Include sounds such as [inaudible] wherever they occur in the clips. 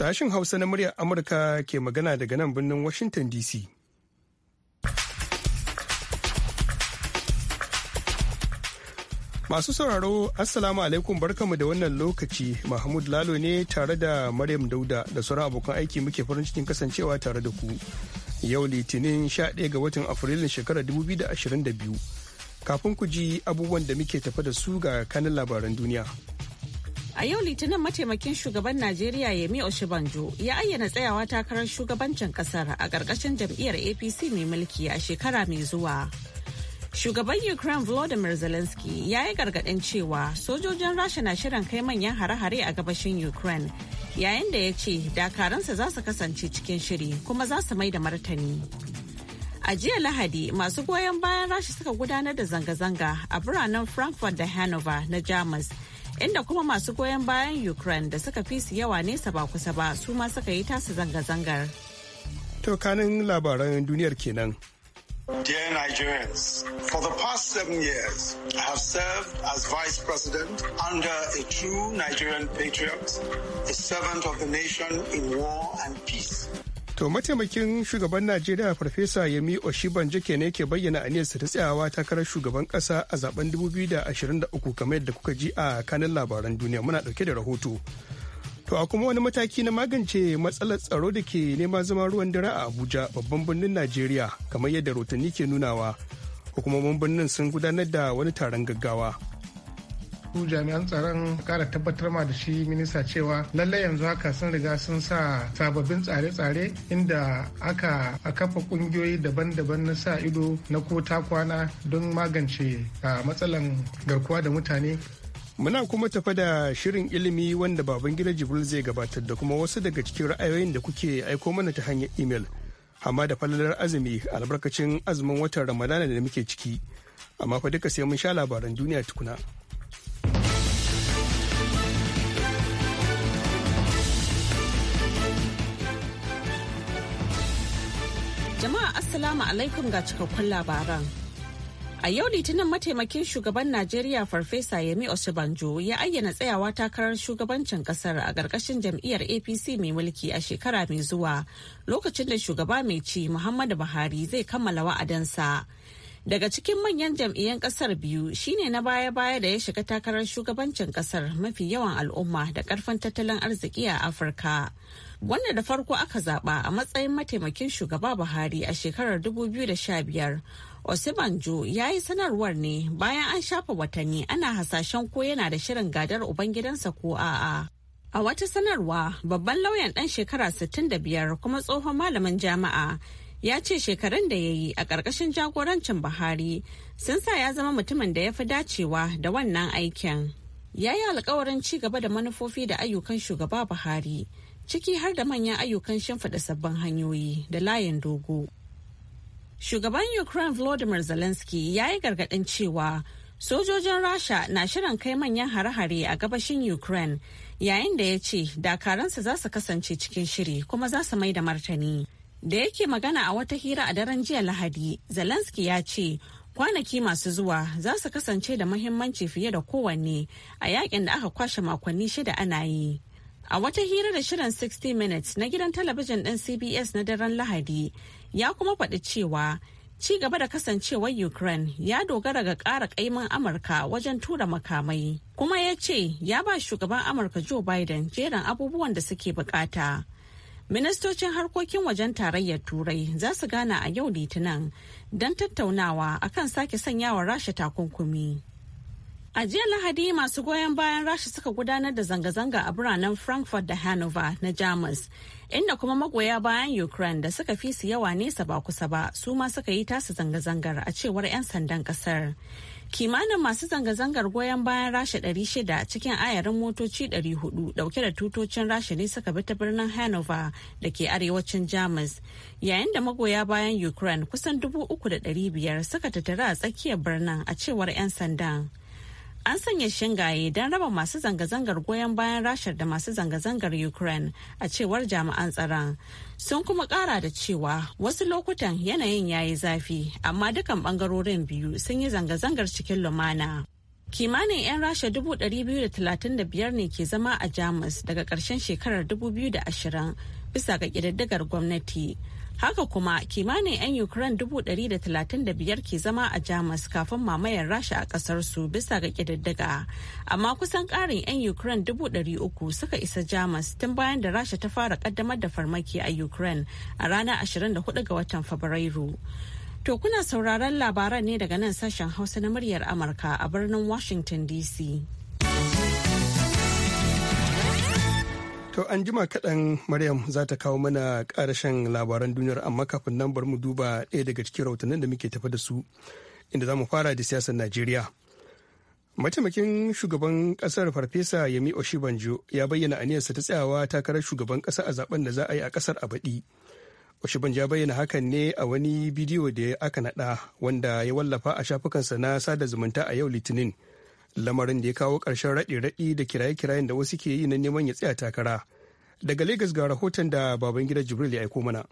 Sashen Hausa na muryar Amurka ke magana daga nan birnin Washington DC. Masu sauraro, Assalamu alaikum barkamu da wannan lokaci Mahmud Lalo ne tare da Maryam Dauda da sauran abokan aiki muke farin cikin kasancewa tare da ku. Yau Litinin 11 ga watan Afrilun shekarar 2022. Kafin ku ji abubuwan da muke tafa da su ga kanin labaran duniya. A yau Litinin mataimakin shugaban Najeriya Yemi Oshibanjo ya ayyana tsayawa takarar shugabancin kasar a ƙarƙashin jam'iyyar APC mai mulki a shekara mai zuwa. Shugaban Ukraine Volodymyr Zelensky ya yi gargaɗin cewa sojojin Rasha na shirin kai manyan hare-hare a gabashin Ukraine yayin da ya ce dakaransa za su kasance cikin shiri kuma za su mai da martani. A jiya Lahadi masu goyon bayan Rasha suka gudanar da zanga-zanga a biranen Frankfurt da Hanover na Jamus. inda kuma masu goyon bayan ukraine da suka fi su yawa nesa ba kusa ba su ma suka yi tasu zanga-zangar to kanin labaran duniyar kenan Dear Nigerians, for the past seven years, I have served as Vice President under a true Nigerian patriot, a servant of the nation in war and peace. To mataimakin shugaban Najeriya Farfesa Yemi Oshibanjo ne ke bayyana aniyarsa ta tsayawa takarar shugaban kasa a zaben 2023 kamar yadda kuka ji a kanin labaran duniya muna dauke da rahoto. To a kuma wani mataki na magance matsalar tsaro da ke nema zama ruwan dare a Abuja babban birnin Najeriya kamar yadda rotanni ke nunawa. Hukumomin birnin sun gudanar da wani taron gaggawa. su jami'an tsaron kara tabbatar ma da shi minista cewa lallai yanzu haka sun riga sun sa sababbin tsare-tsare inda aka a kafa kungiyoyi daban-daban na sa ido na ko ta kwana don magance a matsalan garkuwa da mutane Muna kuma tafa da shirin ilimi wanda baban gida Jibril zai gabatar da kuma wasu daga cikin ra'ayoyin da kuke aiko mana ta hanyar imel. Amma da falalar azumi albarkacin azumin watan Ramadana da muke ciki. Amma fa duka sai mun sha labaran duniya tukuna. Jama'a Assalamu alaikum ga cikakkun labaran. A yau Litinin mataimakin shugaban Najeriya Farfesa Yemi Osibanjo ya ayyana tsayawa takarar shugabancin kasar a ƙarƙashin jam'iyyar APC mai mulki a shekara mai zuwa lokacin da shugaba mai ci Muhammadu Buhari zai kammala wa'adansa. Daga cikin manyan jam'iyyan kasar biyu shine na baya-baya da ya shiga takarar shugabancin kasar mafi yawan al'umma da ƙarfin tattalin arziki a Afirka. wanda da farko aka zaba a matsayin mataimakin shugaba Buhari a shekarar 2015. Osibanjo ya yi sanarwar ne bayan an shafa watanni ana hasashen ko yana da shirin gadar Ubangidansa ko a'a. A wata sanarwa babban lauyan dan shekara 65 kuma tsohon malamin jama'a ya ce shekarun da ya yi a ƙarƙashin jagorancin Buhari sun sa ya zama mutumin da ya fi dacewa da wannan aikin. Ya yi alkawarin ci gaba da manufofi da ayyukan shugaba Buhari ciki har da manyan ayyukan shimfiɗa sabbin hanyoyi da layin dogo. Shugaban Ukraine Volodymyr Zelensky ya yi gargaɗin cewa sojojin Rasha na shirin kai manyan hare-hare a gabashin Ukraine yayin da ya ce dakaransa za su kasance cikin shiri kuma za su mai da martani. Da yake magana a wata hira a daren jiya Lahadi, Zelensky ya ce kwanaki masu zuwa za su kasance da muhimmanci fiye da kowanne a yakin da aka kwashe makonni shida ana yi. A wata hira da shirin 60 Minutes na gidan talabijin ɗin CBS na daren Lahadi ya kuma faɗi cewa ci gaba da kasancewar Ukraine ya dogara ga ƙara ƙaimin Amurka wajen tura makamai. Kuma ya ce ya ba shugaban Amurka Joe Biden jerin abubuwan da suke bukata. Ministocin harkokin wajen tarayyar Turai za su gana a yau Litinin don tattaunawa akan sake sanyawa Rasha takunkumi. A jiya Lahadi masu goyon bayan Rasha suka gudanar da zanga-zanga a biranen Frankfurt da Hanover na Jamus, inda kuma magoya bayan Ukraine da suka fi su yawa nesa ba kusa ba su ma suka yi tasa zanga-zangar a cewar 'yan sandan kasar. Kimanin masu zanga-zangar goyon bayan Rasha 600 cikin ayarin motoci 400 dauke da tutocin Rasha ne suka bi ta birnin Hanover da ke arewacin Jamus, yayin da magoya bayan Ukraine kusan 3,500 suka tattara a tsakiyar birnin a cewar 'yan sandan. An sanya shingaye don raba masu zanga-zangar goyon bayan rashar da masu zanga-zangar Ukraine a cewar jami'an tsaron. Sun kuma kara da cewa wasu lokutan yanayin yayi zafi, amma dukan bangarorin biyu sun yi zanga-zangar cikin lumana. Kimanin 'yan Rasha 235 ne ke zama a Jamus daga ƙarshen shekarar 2020 bisa ga ƙididdigar gwamnati. Haka kuma kimanin 'yan Ukraine biyar ke zama a Jamus kafin mamayar Rasha a kasar su bisa ga kididdiga Amma kusan karin 'yan Ukraine uku suka isa Jamus tun bayan da Rasha ta fara kaddamar da farmaki a Ukraine a ranar 24 ga watan Fabrairu. To kuna sauraron labaran ne daga nan sashen Hausa na muryar Amurka a birnin Washington DC. To an jima kaɗan Maryam za ta kawo mana ƙarashen labaran duniyar amma kafin nan bar mu duba ɗaya daga cikin rahotannin da muke tafa da su inda za mu fara da siyasar Najeriya. Mataimakin shugaban ƙasar Farfesa Yemi Oshibanjo ya bayyana aniyarsa ta tsayawa takarar shugaban ƙasa a zaben da za a yi a ƙasar a baɗi. Oshibanjo ya bayyana hakan ne a wani bidiyo da aka naɗa wanda ya wallafa a shafukansa na sada zumunta a yau Litinin. lamarin da ya kawo ƙarshen raɗi raɗi da kiraye-kirayen da wasu ke yi na neman ya tsaya takara daga lagos ga rahoton da baban gida jibril ya aiko mana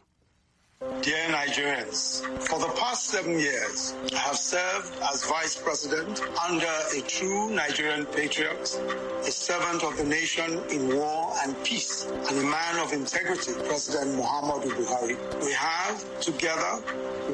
Dear Nigerians, for the past seven years, I have served as vice president under a true Nigerian patriot, a servant of the nation in war and peace, and a man of integrity, President Muhammadu Buhari. We have together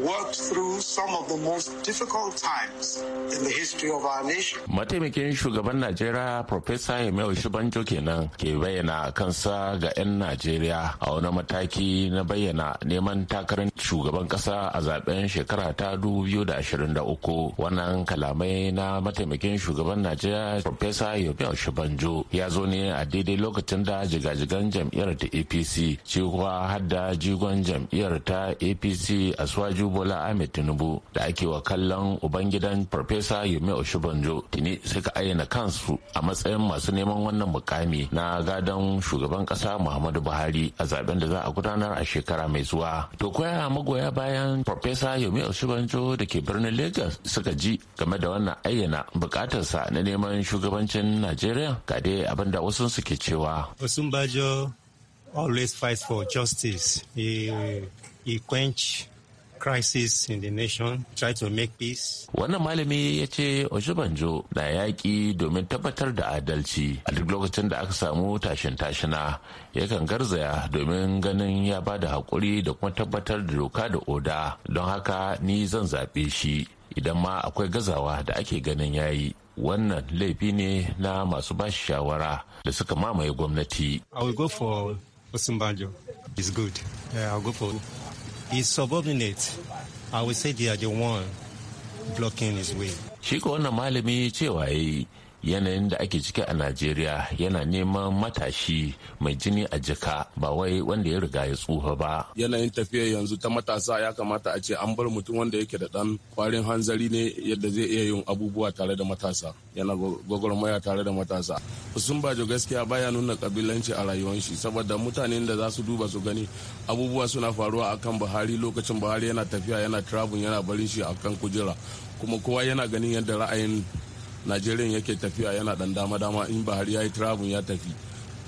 worked through some of the most difficult times in the history of our nation. Mataimakin shugaban Najeriya Professor Emil Shibanjo kenan ke bayyana kansa ga 'yan Najeriya a wani mataki na bayyana neman takarar shugaban kasa a zaben shekara ta 2023 wannan kalamai na mataimakin shugaban najeriya profesa yobe oshibanjo ya zo ne a daidai lokacin da jigajigan jam'iyyar ta apc ce hadda jigon jam'iyyar ta apc a swaju bola ahmed tinubu da ake wa kallon ubangidan profesa yobe oshubanjo tuni suka ayyana kansu a matsayin masu neman wannan mukami na gadon shugaban kasa muhammadu buhari a zaben da za a gudanar a shekara mai zuwa to koya magoya bayan farfesa yomi oshibanjo da ke birnin lagos suka ji game da wannan ayyana bukatarsa na neman shugabancin najeriya ga dai abin da wasu suke cewa osunbajo always fight for justice he, he quench crisis in the nation, try to make peace. Wannan malami ya ce Ojubanjo na yaƙi domin tabbatar da adalci a duk lokacin da aka samu tashin tashina yakan garzaya domin ganin ya ba da haƙuri da kuma tabbatar da doka da oda don haka ni zan zaɓe shi idan ma akwai gazawa da ake ganin yayi. wannan laifi ne na masu bashi shawara da suka mamaye gwamnati. I will go for Osinbajo. It's good. Yeah, I'll go for His subordinates, I would say they are the one blocking his way. Shi ko malami cewa yanayin da ake ciki a najeriya yana neman matashi mai jini a jika ba wai wanda ya riga ya tsufa ba yanayin tafiya yanzu ta matasa ya kamata a ce an bar mutum wanda yake da dan kwarin hanzari ne yadda zai iya yin abubuwa tare da matasa yana gwagwarmaya tare da matasa sun bajo gaskiya baya nuna kabilanci a rayuwar shi saboda mutane da za su duba su gani abubuwa suna faruwa akan buhari lokacin buhari yana tafiya yana travel yana barin shi akan kujera kuma kowa yana ganin yadda ra'ayin najeriya yake tafiya yana dan dama dama in ba har yayi travel ya tafi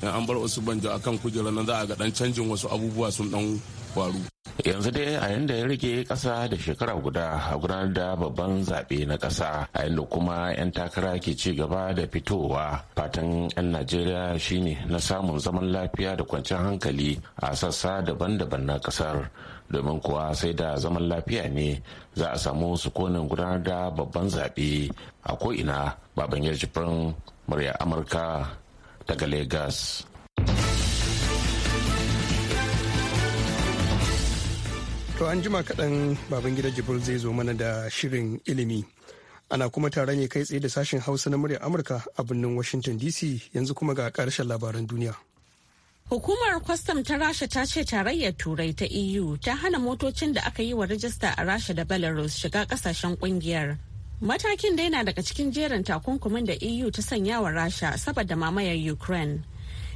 in an bar wasu banjo akan kujerar nan za a ga dan canjin wasu abubuwa sun dan faru yanzu dai a yanda ya rage kasa da shekara guda a gudanar da babban zaɓe na kasa a yanda kuma 'yan takara ke ci gaba da fitowa fatan 'yan najeriya shine na samun zaman lafiya da kwanciyar hankali a sassa daban-daban na kasar. domin kuwa sai da zaman lafiya ne za a samu sukunin gudanar da babban zaɓe a ko'ina baban yarjifin murya amurka daga lagos to an jima kaɗan baban gida jibril zai zo mana da shirin ilimi ana kuma tare ne kai tsaye da sashen hausa na murya amurka a birnin washington dc yanzu kuma ga ƙarshen labaran duniya Hukumar kwastam ta Rasha ta ce tarayyar Turai ta EU ta hana motocin da aka yi wa rajista a Rasha da Belarus shiga kasashen kungiyar. Matakin da yana daga cikin jerin takunkumin da EU ta sanya wa Rasha saboda mamayar Ukraine.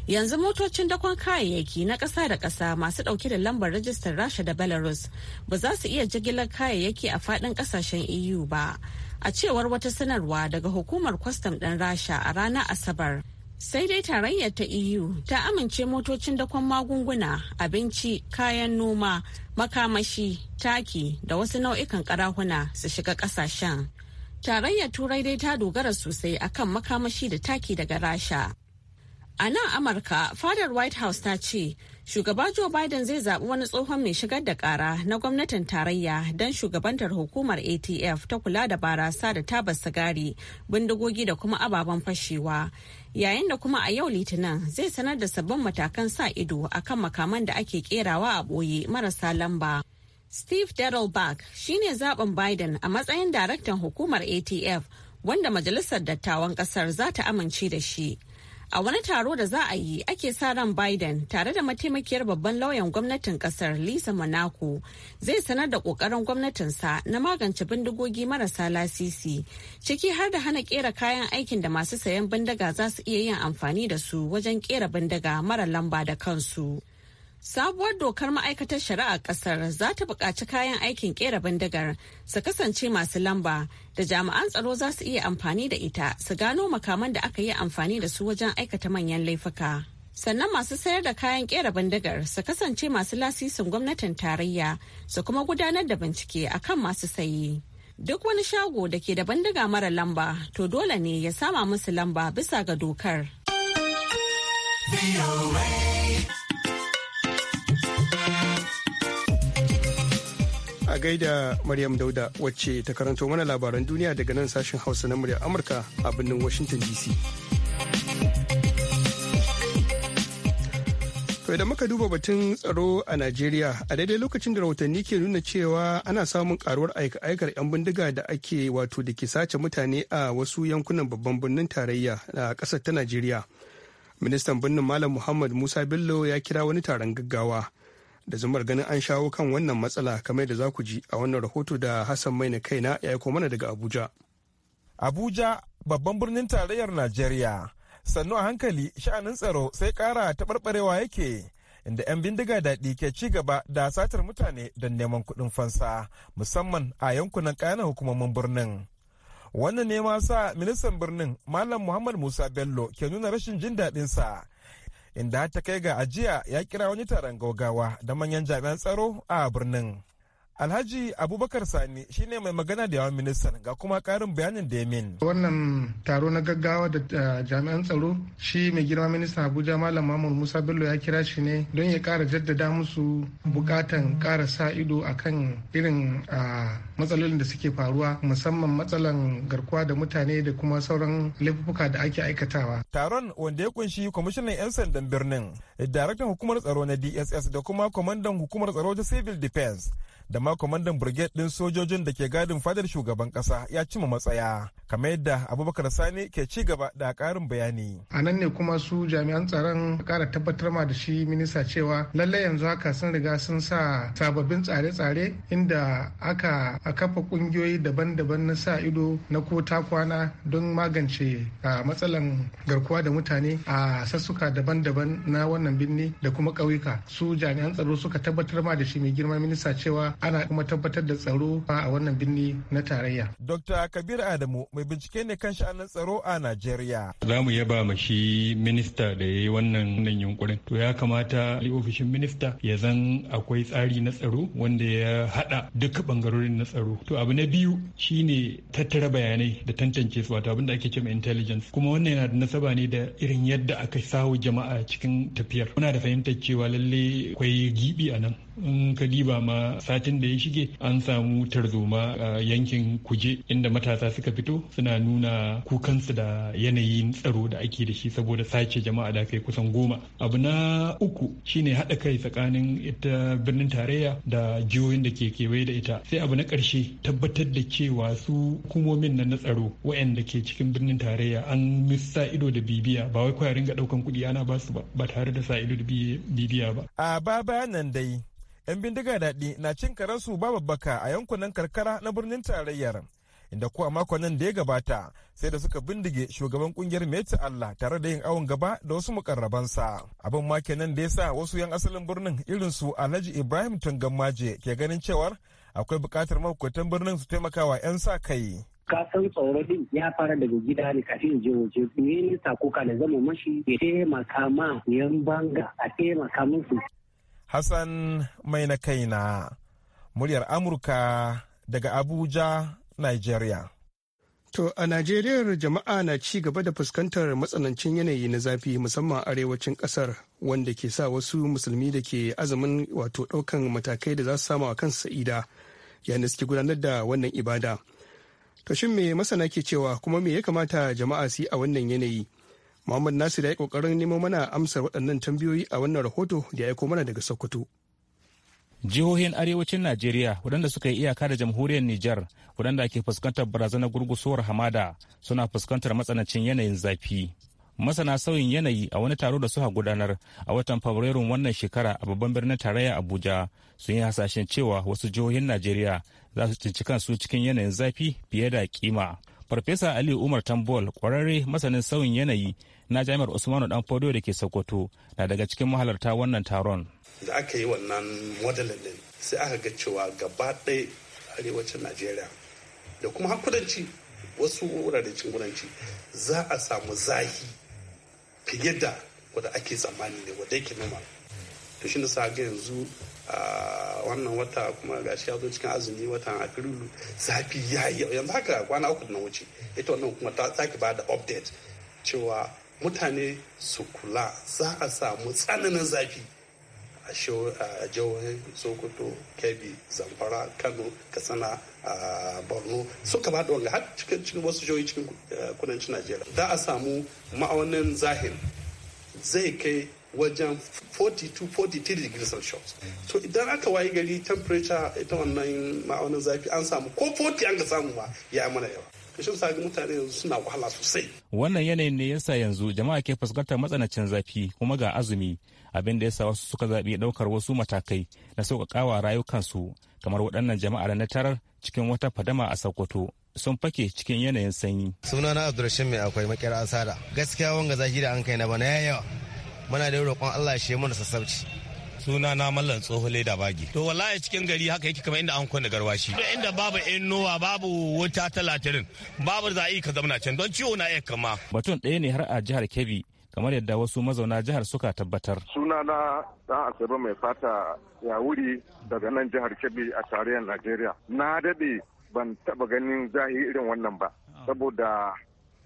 Yanzu motocin dakon kayayyaki na ƙasa da ƙasa masu ɗauke da lambar rajistar Rasha da Belarus ba za su iya jigilar kayayyaki a faɗin ƙasashen EU ba, a cewar wata sanarwa daga hukumar kwastam ɗin Rasha a ranar Asabar. sai dai tarayyar ta eu ta amince motocin dakon magunguna abinci kayan noma makamashi taki da wasu nau'ikan karahuna su shiga kasashen tarayyar turai dai ta dogara sosai akan makamashi da taki daga rasha a nan amurka fadar white house ta ce Shugaba Joe Biden zai zaɓi wani tsohon mai shigar da ƙara na gwamnatin tarayya don shugabantar hukumar ATF ta kula da barasa da tabar sigari, bindigogi da kuma ababen fashewa. Yayin da kuma a yau Litinin zai sanar da sabbin matakan sa ido akan makaman da ake kerawa a ɓoye marasa lamba. Steve Dettelbach shine zaɓin Biden a matsayin daraktan hukumar ATF wanda majalisar dattawan ƙasar za ta amince da shi. A wani taro da za a yi ake sa ran Biden tare da mataimakiyar babban lauyan gwamnatin kasar Lisa Monaco zai sanar da kokarin gwamnatinsa na magance bindigogi marasa lasisi ciki har da hana kera kayan aikin da masu sayan bindiga za su iya yin amfani da su wajen kera bindiga mara lamba da kansu. Sabuwar dokar ma'aikatar shari'a ƙasar za ta buƙaci kayan aikin ƙera bindigar su kasance masu lamba da jami'an tsaro za su iya amfani da ita su gano makaman da aka yi amfani da su wajen aikata manyan laifuka. Sannan masu sayar da kayan ƙera bindigar su kasance masu lasisin gwamnatin tarayya su kuma gudanar da bincike akan masu sayi. Duk wani shago da ke da bindiga mara lamba to dole ne ya sama musu lamba bisa ga dokar. a gaida Maryam Dauda wacce ta karanto mana labaran duniya daga nan sashen Hausa na muryar Amurka a birnin Washington DC. To da muka duba batun tsaro a Najeriya a daidai lokacin da rahotanni ke nuna cewa ana samun karuwar aika-aikar 'yan bindiga da ake wato da ke sace mutane a wasu yankunan babban birnin tarayya a ƙasar ta Najeriya. Ministan birnin Malam Muhammad Musa Bello ya kira wani taron gaggawa. da zumar ganin an shawo kan wannan matsala kamar da za ku ji a wannan rahoto da Hassan Maina kaina ya aiko mana daga Abuja. Abuja babban birnin tarayyar Najeriya sannu a hankali sha'anin tsaro sai kara ta taɓarɓarewa yake inda 'yan bindiga daɗi ke ci gaba da satar mutane don neman kuɗin fansa musamman a yankunan ƙananan hukumomin birnin. wannan ne ma sa ministan birnin malam muhammad musa bello ke nuna rashin jin daɗinsa inda ta kai ga ajiya ya kira wani taron gaugawa da manyan jami'an tsaro a birnin. Alhaji Abubakar Sani shine mai magana da yawan ministan ga kuma karin bayanin da ya min. Wannan taro na gaggawa da jami'an tsaro shi mai girma ministan Abuja Malam Mahmud Musa Bello ya kira shi ne don ya kara jaddada musu bukatan kara sa ido akan irin matsalolin da suke faruwa musamman matsalan garkuwa da mutane da kuma sauran laifuka da ake aikatawa. Taron wanda ya kunshi kwamishinan 'yan sandan birnin, daraktan hukumar tsaro na DSS da kuma kwamandan hukumar tsaro ta Civil Defense da ma kwamandan brigade ɗin sojojin da ke gadin fadar shugaban ƙasa ya cima matsaya kamar yadda abubakar sani ke ci gaba da karin bayani a nan ne kuma su jami'an tsaron kara tabbatar ma da shi minista cewa lallai yanzu haka sun riga sun sa sababbin tsare-tsare inda aka kafa ƙungiyoyi daban-daban na sa ido na ko ta kwana don magance matsalan garkuwa da mutane a sassuka daban-daban na wannan birni da kuma ƙauyuka su jami'an tsaro suka tabbatar ma da shi mai girma minista cewa ana kuma tabbatar da tsaro a wannan birni na tarayya. Dr. Kabir Adamu mai bincike ne kan sha'anin tsaro a Najeriya. Za mu yaba ma shi minista da ya yi wannan yunkurin. To ya kamata ofishin minista ya zan akwai tsari na tsaro wanda ya haɗa duk bangarorin na tsaro. To abu na biyu shine tattara bayanai da tantance su wato abin da ake cewa intelligence. Kuma wannan yana da nasaba ne da irin yadda aka sawo jama'a cikin tafiyar. Muna da fahimtar cewa lalle akwai gibi a nan in ka diba ma satin da ya shige an samu tarzoma a yankin kuje inda matasa suka fito suna nuna kukansu da yanayin tsaro da ake da shi saboda sace jama'a da kai kusan goma abu na uku shine haɗa kai tsakanin ita birnin tarayya da jihohin da ke kewaye da ita sai abu na karshe tabbatar da cewa su hukumomin nan na tsaro waɗanda ke cikin birnin tarayya an sa ido da bibiya ba wai kwaya ga ɗaukan kuɗi ana ba su ba ba tare da sa ido da bibiya ba. a ba bayanan dai 'yan bindiga daɗi na cin karansu ba babbaka a yankunan karkara na birnin tarayyar inda ko a makon nan da ya gabata sai da suka bindige shugaban kungiyar meta Allah tare da yin awon gaba da wasu mukarrabansa abin ma kenan da ya sa wasu yan asalin birnin irin su Alhaji Ibrahim Tungammaje ke ganin cewar akwai bukatar mahukuntan birnin su taimakawa 'yan sa kai ka san tsoro din ya fara daga gida ne kafin je waje ne sako ka da zama mashi ya taimaka ma yan banga a taimaka musu Hassan mai na kaina muryar Amurka daga Abuja, Nigeria. To a Najeriya jama'a na ci gaba da fuskantar matsanancin yanayi na zafi musamman arewacin kasar wanda ke sa wasu musulmi da ke azumin wato ɗaukan matakai da za su sama wa kansu sa'ida yayin da suke gudanar da wannan ibada. To shin me masana ke cewa kuma me ya kamata jama'a su yi a wannan yanayi? Muhammad Nasir ya yi kokarin nemo mana amsar waɗannan tambayoyi a wannan rahoto da ya aiko mana daga Sokoto. Jihohin arewacin Najeriya waɗanda suka yi iyaka da jamhuriyar Nijar waɗanda ke fuskantar barazanar gurgusuwar hamada suna fuskantar matsanancin yanayin zafi. Masana sauyin yanayi a wani taro da suka gudanar a watan Fabrairun wannan shekara a babban birnin tarayya Abuja sun yi hasashen cewa wasu jihohin Najeriya za su cinci kansu cikin yanayin zafi fiye da kima. Farfesa Ali Umar Tambol kwararre masanin sauyin yanayi na jami'ar Usmanu Dan fodo da ke Sokoto na daga cikin mahalarta wannan taron. Da aka yi wannan modelin din sai aka ga cewa gaba ɗaya arewacin Najeriya da kuma har wasu wurare cin kudanci za a samu zahi fiye da wadda ake tsammani ne wadda yake noma. To shi sa ga yanzu a wannan wata kuma gashi ya zo cikin azumi watan afrilu zafi ya yi yanzu haka kwana uku na wuce ita wannan kuma ta sake ba da update cewa mutane su kula za a samu tsananin zafi a jihohin sokoto kebbi zamfara kano katsina a borno suka ba da wanga har cikin wasu jihohi cikin eh, kudancin najeriya za a samu ma'aunin zahin zai kai wajen 42-43 degrees celsius to mm. idan aka wayi gari temperature ita wannan ma'aunin zafi an samu ko 40 an ga samu ba ya mana yawa kashin sa mutane yanzu suna wahala sosai wannan yanayin ne yasa yanzu jama'a ke fuskantar matsanancin zafi kuma ga azumi abin da yasa wasu suka zaɓi ɗaukar wasu matakai na sauƙaƙawa rayukansu kamar waɗannan jama'a da na tarar cikin wata fadama a sokoto sun fake cikin yanayin sanyi sunana abdulrashid mai akwai makera asara gaskiya wanga zafi da an kai na bana yawa muna da roƙon Allah shi mana sassauci suna na mallan tsoho leda bagi to wallahi cikin gari haka yake kamar inda an kwana garwashi da inda babu nowa babu wuta talatin babu za'i ka zamana can don ciwo na iya kama batun ɗaya ne har a jihar Kebbi kamar yadda wasu mazauna jihar suka tabbatar suna na dan asabe mai fata ya wuri daga nan jihar Kebbi a tarayyar Najeriya na dade ban taba ganin zahiri irin wannan ba saboda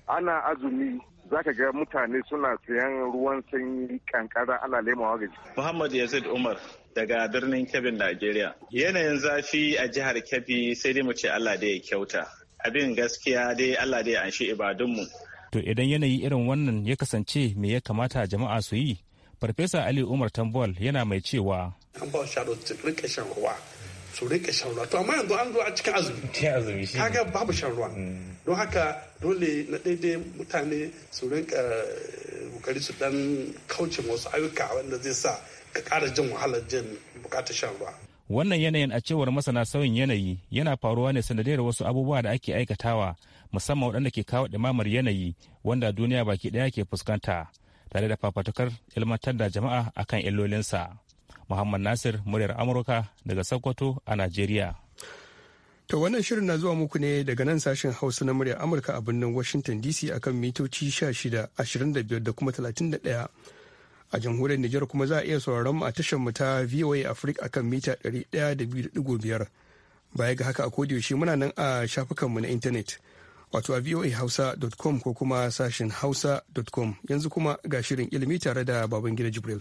ana azumi za ka ga mutane suna siyan ruwan sanyi kankara ana lemawa gaji. Muhammad Yazid Umar daga birnin Kebbi, Najeriya. Yanayin zafi a jihar Kebbi sai dai mu ce Allah da ya kyauta. Abin gaskiya dai Allah da ya anshi ibadunmu. To idan yanayi irin wannan ya kasance me ya kamata jama'a su yi? Farfesa Ali Umar Tambol yana mai cewa. An ba shan ruwa su rika shan ruwa to amma yanzu an zo a cikin azumi kaga babu shan ruwa mm. don haka dole na daidai mutane su rinka eh, kokari su dan kauce wasu ayyuka wanda zai sa ka kara jin wahalar jin bukatar shan ruwa wannan yanayin a cewar masana sauyin yanayi yana faruwa ne sanadiyar wasu abubuwa da ake aikatawa musamman waɗanda ke kawo ɗimamar yanayi wanda duniya baki ɗaya ke fuskanta tare da fafatukar ilmantar da jama'a akan illolinsa. Muhammad Nasir muryar Amurka daga Sokoto a Najeriya. To wannan shirin na zuwa muku ne daga nan sashen Hausa na muryar Amurka a birnin Washington DC akan mitoci 16, da kuma 31. A jamhuriyar Nijar kuma za a iya sauraron mu a tashar mu ta VOA Africa akan mita 102.5. Baya ga haka a yaushe muna nan a shafukan mu na intanet. Wato a voahausa.com ko kuma sashen hausa.com yanzu kuma ga shirin ilimi tare da Babangida Jibril.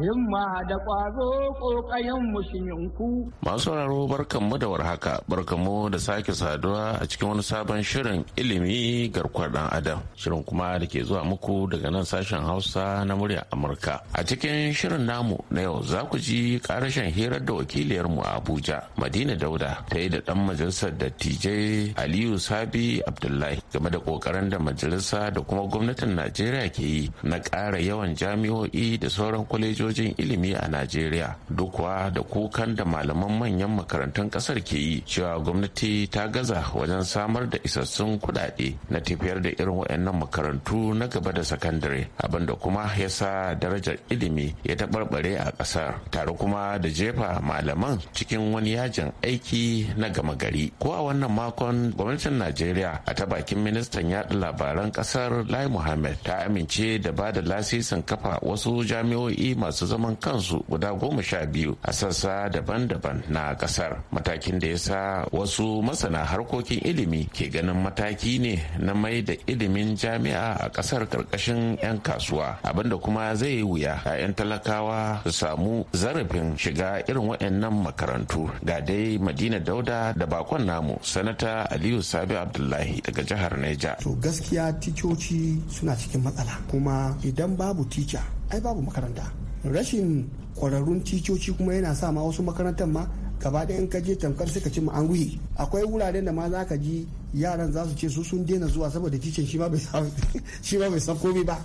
himma da ƙwazo ƙoƙayen mushinku. Masu sauraro barkanmu da warhaka, barkanmu da sake saduwa a cikin wani sabon shirin ilimi garkuwar ɗan adam. Shirin kuma da ke zuwa muku daga nan sashen Hausa na murya Amurka. A cikin shirin namu na yau za ku ji ƙarashin hirar da wakiliyarmu a Abuja, Madina Dauda, ta yi da ɗan majalisar dattijai Aliyu Sabi Abdullahi game da ƙoƙarin da majalisa da kuma gwamnatin Najeriya ke yi na ƙara yawan jami'o'i da sauran kwalejo kwalejojin ilimi a najeriya duk da kukan da malaman manyan makarantun kasar ke yi cewa gwamnati ta gaza wajen samar da isassun kudade na tafiyar da irin waɗannan makarantu na gaba da sakandare abinda kuma ya sa darajar ilimi ya taɓarɓare a ƙasar tare kuma da jefa malaman cikin wani yajin aiki na gama gari ko a wannan makon gwamnatin najeriya a ta bakin ministan yaɗa labaran ƙasar lai muhammad ta amince da ba da lasisin kafa wasu jami'o'i masu masu zaman kansu guda goma sha biyu a sassa daban-daban na kasar matakin da ya sa wasu masana harkokin ilimi ke ganin mataki ne na mai da ilimin jami'a a kasar karkashin 'yan kasuwa abinda kuma zai wuya 'ya'yan talakawa su samu zarafin shiga irin waɗannan makarantu ga dai madina dauda da bakon namu sanata aliyu sabi abdullahi daga jihar neja to gaskiya ticcoci suna cikin matsala kuma idan babu tica ai babu makaranta rashin kwararrun ticoci kuma yana sa ma wasu makarantar ma gaba ɗaya in ka je tamkar suka ci an ruhi akwai wuraren da ma za ka ji yaran za su ce su sun daina zuwa saboda ticin [laughs] shi ma bai san komai ba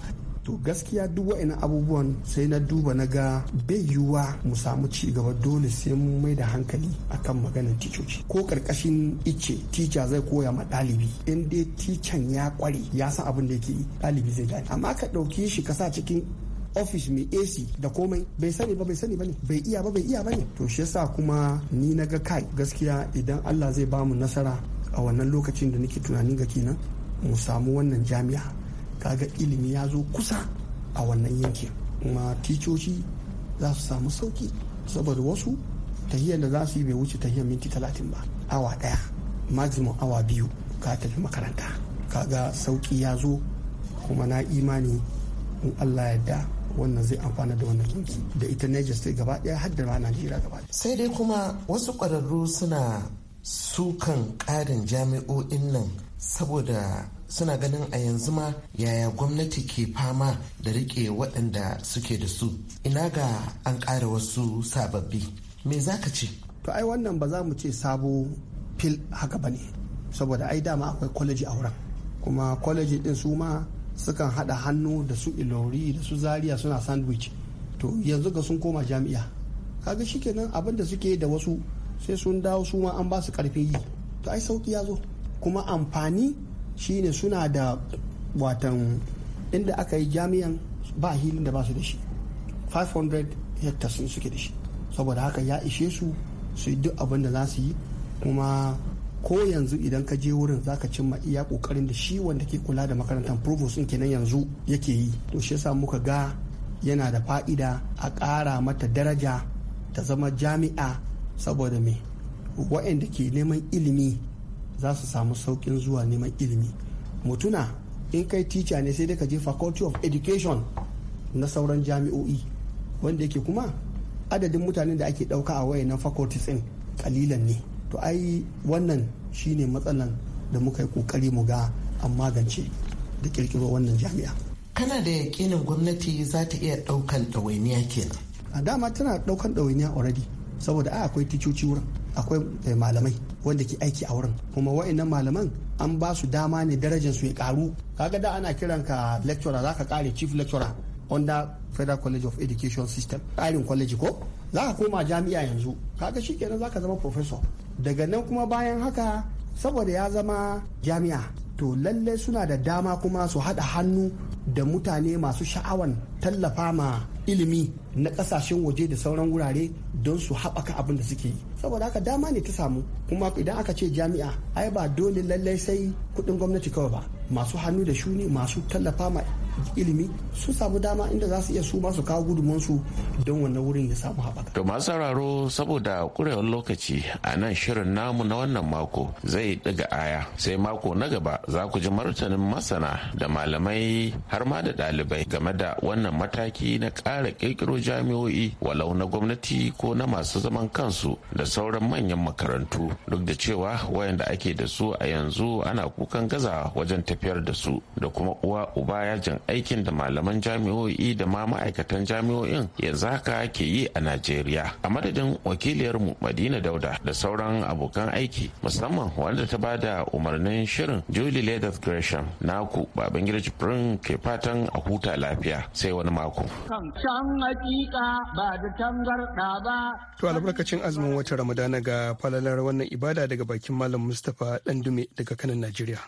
to gaskiya duk wa'annan abubuwan sai na duba na ga bai yiwuwa mu samu ci gaba dole sai mu mai da hankali akan maganar ticoci ko karkashin ice tica zai koya ma ɗalibi in dai tican ya kware ya san abin da yake yi ɗalibi zai gane amma ka ɗauki shi ka sa cikin ofis mai AC da komai bai sani ba bai sani ba ne bai iya ba bai iya ba ne to shi yasa kuma ni na ga kai gaskiya idan Allah zai bamu nasara a wannan lokacin da nake tunanin ga kenan mu samu wannan jami'a kaga ilimi ya zo kusa a wannan yankin kuma ticoci za su samu sauki saboda wasu tahiyar da za su yi bai wuce tahiyar minti talatin ba awa daya maximum awa biyu ka tafi makaranta kaga sauki ya zo kuma na imani in allah yadda wannan zai amfana da wannan da ita Niger State gaba daya har da ma Najeriya gaba daya sai dai kuma wasu ƙwararru suna sukan ƙarin jami'o'in nan saboda suna ganin a yanzu ma yaya gwamnati ke fama da rike waɗanda suke da su ina ga an ƙara wasu sababbi me za ka ce to ai wannan ba za mu ce sabo fil haka ba ne saboda ai dama akwai kwaleji a wurin kuma kwaleji din su ma sukan haɗa hannu da su ilori da su Zariya suna sandwich to yanzu ga sun koma jami'a kaga shikenan abin da suke da wasu sai sun dawo su ma an ba su karfin yi to ai sauki ya zo kuma amfani shine suna da watan inda aka yi jami'an ba hilin da ba su da shi 500 hectares suke da shi saboda haka ya ishe su su yi duk abin da za su yi kuma ko yanzu idan ka je wurin zaka cimma iya kokarin da shi wanda ke kula da makarantar provost din kenan yanzu yake yi to shi yasa muka ga yana da fa'ida a ƙara mata daraja ta zama jami'a saboda me wa'anda ke neman ilimi za su samu saukin zuwa neman ilimi mutuna in kai tica ne sai dai ka je faculty of education na sauran jami'o'i wanda yake kuma adadin mutanen da ake ɗauka a wayannan faculties din kalilan ne to ai wannan shine matsalan da muka yi kokari mu ga an magance da kirkiro wannan jami'a kana da yakinin gwamnati za ta iya daukan ɗawainiya kenan a dama tana daukan ɗawainiya already saboda a akwai ticoci wurin akwai eh, malamai wanda ke aiki a wurin kuma wa'annan malaman an ba su dama ne darajar su ya karu kaga da ana kiran ka lecturer zaka kare chief lecturer under federal college of education system tsarin college ko za ka koma jami'a yanzu kaga shi shikenan zaka zama professor daga nan kuma bayan haka saboda ya zama jami'a to lallai suna da dama kuma su haɗa hannu da mutane masu sha'awan tallafa ma ilimi na ƙasashen waje da sauran wurare don su haɓaka abin da suke yi saboda haka dama ne ta samu kuma idan aka ce jami'a ai ba dole lallai sai kuɗin gwamnati kawai ba masu hannu da shuni masu tallafa ma ilimi su samu dama inda za su iya su masu kawo gudumansu don wannan wurin ya samu haɓaka. To masu sauraro saboda kurewar lokaci a nan shirin namu na wannan mako zai ɗiga aya sai mako na gaba za ku ji martanin masana da malamai har ma da ɗalibai game da wannan mataki na ƙara ƙirƙiro jami'o'i walau na gwamnati ko na masu zaman kansu da sauran manyan makarantu duk da cewa wayanda ake da su a yanzu ana kukan gaza wajen tafiyar da su da kuma uwa uba yajin aikin da malaman jami'o'i da ma ma'aikatan jami'o'in yanzu haka ke yi a najeriya a madadin wakiliyar mu madina dauda da sauran abokan aiki musamman wanda ta ba da umarnin shirin julie leathers gresham naku baban gida jibrin ke fatan a huta lafiya sai wani mako to albarkacin azumin watan ramadana ga falalar wannan ibada daga bakin malam mustapha dandume daga kanan najeriya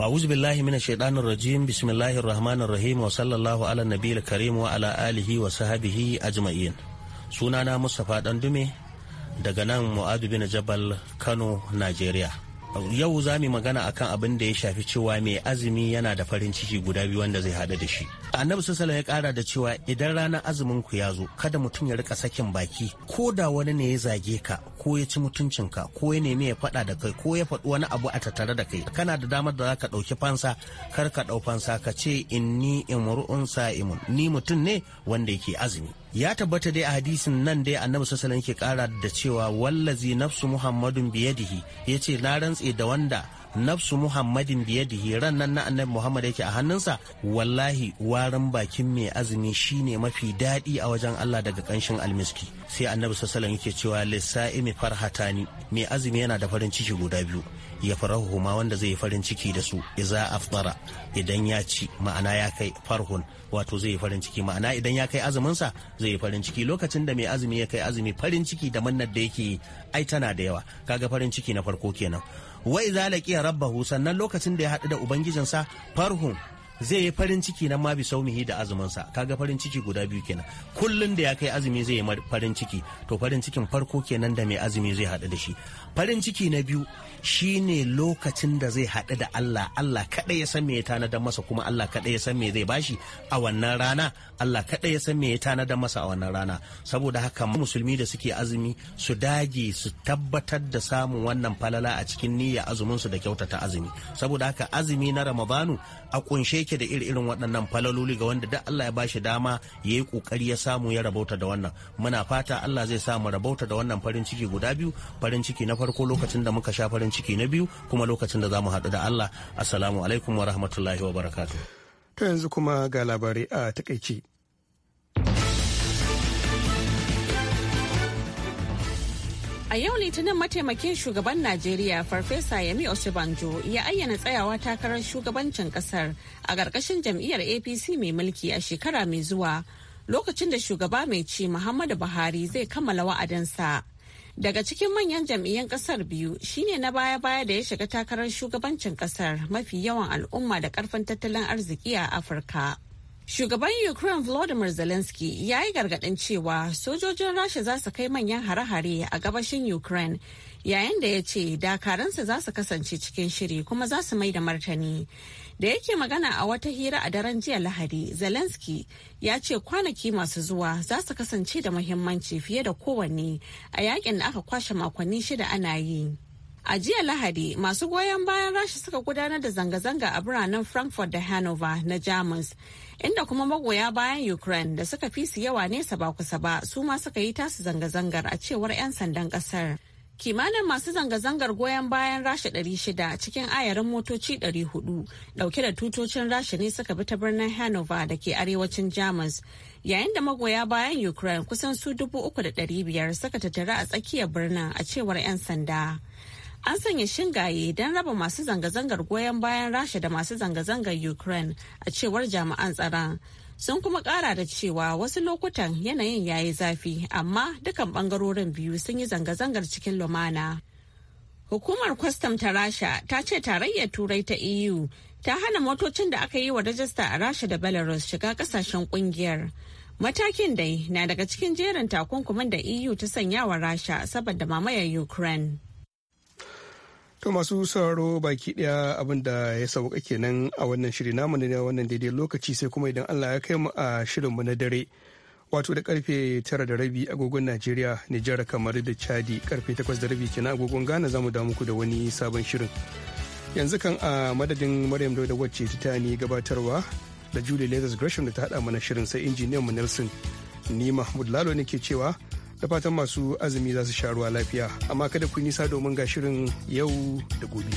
أعوذ بالله من الشيطان الرجيم بسم الله الرحمن الرحيم وصلى الله على النبي الكريم وعلى آله وصحبه أجمعين sunana Mustapha Dandume daga nan Mu'adu bin Jabal Kano, Najeriya. yau za mu magana akan abin da ya shafi cewa mai azumi yana da farin ciki guda biyu wanda zai hada da shi annabi sassala ya kara da cewa idan ranar azumin ku ya zo kada mutum ya rika sakin baki ko da wani ne ya zage ka ko ya ci mutuncinka ko ya nemi ya faɗa da kai ko ya faɗi wani abu a tattare da kai kana da damar da ka ɗauki fansa kar ka ɗau fansa ka ce inni imru'un sa'imun ni mutum ne wanda yake azumi ya tabbata dai a hadisin nan dai annabi sassanin ke kara da cewa wallazi nafsu muhammadun biyadihi ce na rantse da wanda nafsu muhammadin da ya ran nan na annabi muhammad yake a hannunsa wallahi warin bakin mai azumi shine mafi daɗi a wajen allah daga kanshin almiski sai annabi sallallahu yake cewa lissa'imi farhatani mai azumi yana da farin ciki guda biyu ya farahu ma wanda zai yi farin ciki da su iza aftara idan ya ci ma'ana ya kai farhun wato zai yi farin ciki ma'ana idan ya kai azuminsa zai yi farin ciki lokacin da mai azumi ya kai azumi farin ciki da mannar da yake ai tana da yawa kaga farin ciki na farko kenan wa idza ya rabbahu sannan lokacin da ya haɗu da ubangijinsa farhun zai yi farin ciki na ma saumihi da azuminsa kaga farin ciki guda biyu kenan kullun da ya kai azumi zai yi farin ciki to farin cikin farko kenan da mai azumi zai haɗu da shi farin ciki na biyu shine lokacin da zai haɗu da Allah Allah kaɗai ya san me ya tanada masa kuma Allah kaɗai ya san me zai bashi a wannan rana Allah kaɗai ya san me ya tanada masa a wannan rana saboda haka musulmi da suke azumi su dage su tabbatar da samun wannan falala a cikin niyya azumin su da kyautata azumi saboda haka azumi na Ramadanu a kunshe ke da irin waɗannan falaloli ga wanda duk Allah ya bashi dama yayi yi kokari ya samu ya rabauta da wannan muna fata Allah zai samu rabauta da wannan farin ciki guda biyu farin ciki na farko lokacin da muka sha farin ciki na biyu kuma lokacin da za mu haɗu da Allah assalamu alaikum wa rahmatullahi wa barakatu. Ta yanzu kuma ga labarai a takaici. A yau Litinin mataimakin shugaban Najeriya Farfesa Yami Osibanjo ya ayyana tsayawa takarar shugabancin kasar a ƙarƙashin jam'iyyar APC mai mulki a shekara mai zuwa lokacin da shugaba mai ci Muhammadu Buhari zai kammala wa'adansa. Daga cikin manyan jam'iyyan kasar biyu shine na baya-baya da ya shiga takarar shugabancin kasar mafi yawan al'umma da karfin tattalin arziki a Afirka. Shugaban Ukraine Volodymyr Zelensky ya yi gargadin cewa sojojin Rasha za su kai manyan hare-hare a gabashin Ukraine yayin da ya ce dakaransa za su kasance cikin shiri kuma za su mai da martani. Da yake magana a wata hira a daren jiya Lahadi, Zelensky ya ce kwanaki masu zuwa za su kasance da muhimmanci fiye da kowanne a yakin da aka kwashe makonni shida ana yi. A jiya Lahadi, masu goyon bayan Rasha suka gudanar da zanga-zanga a biranen Frankfurt da Hanover na Jamus, inda kuma magoya bayan Ukraine da suka fi su yawa nesa ba kusa ba, su ma suka yi tasu zanga-zangar a cewar 'yan sandan kasar. kimanin masu zanga-zangar goyon bayan rasha 600 cikin ayarin motoci 400 dauke da tutocin rasha ne suka bi ta birnin hanover da ke arewacin jamus yayin da magoya bayan ukraine kusan su 3,500 suka tattara a tsakiyar birnin a cewar 'yan sanda an sanya shingaye don raba masu zanga-zangar goyon bayan rasha da masu zanga-zangar ukraine a cewar jami'an tsaron sun kuma kara da cewa wasu lokutan yanayin ya yi zafi amma dukan bangarorin biyu sun yi zanga-zangar cikin lumana hukumar kwastam ta rasha ta ce tarayyar turai ta eu ta hana motocin da aka yi wa rajista a rasha da belarus shiga kasashen kungiyar matakin dai na daga cikin jerin takunkumin da eu ta sanya wa rasha saboda mamayar ukraine To masu sauraro baki daya abin da ya sauka kenan a wannan shiri namu ne wannan daidai lokaci sai kuma idan Allah ya kai mu a shirinmu na dare. Wato da karfe tara da rabi agogon Najeriya, Nijar kamar da Chadi karfe takwas da rabi kenan agogon Ghana zamu da muku da wani sabon shirin. Yanzu kan a madadin Maryam Dauda wacce ta ni gabatarwa da Julie Lazarus Gresham da ta hada mana shirin sai injiniyan mu Nelson. Ni Mahmud Lalo nake cewa da fatan masu azumi za su sha ruwa lafiya amma kada ku nisa domin ga shirin yau da gobe.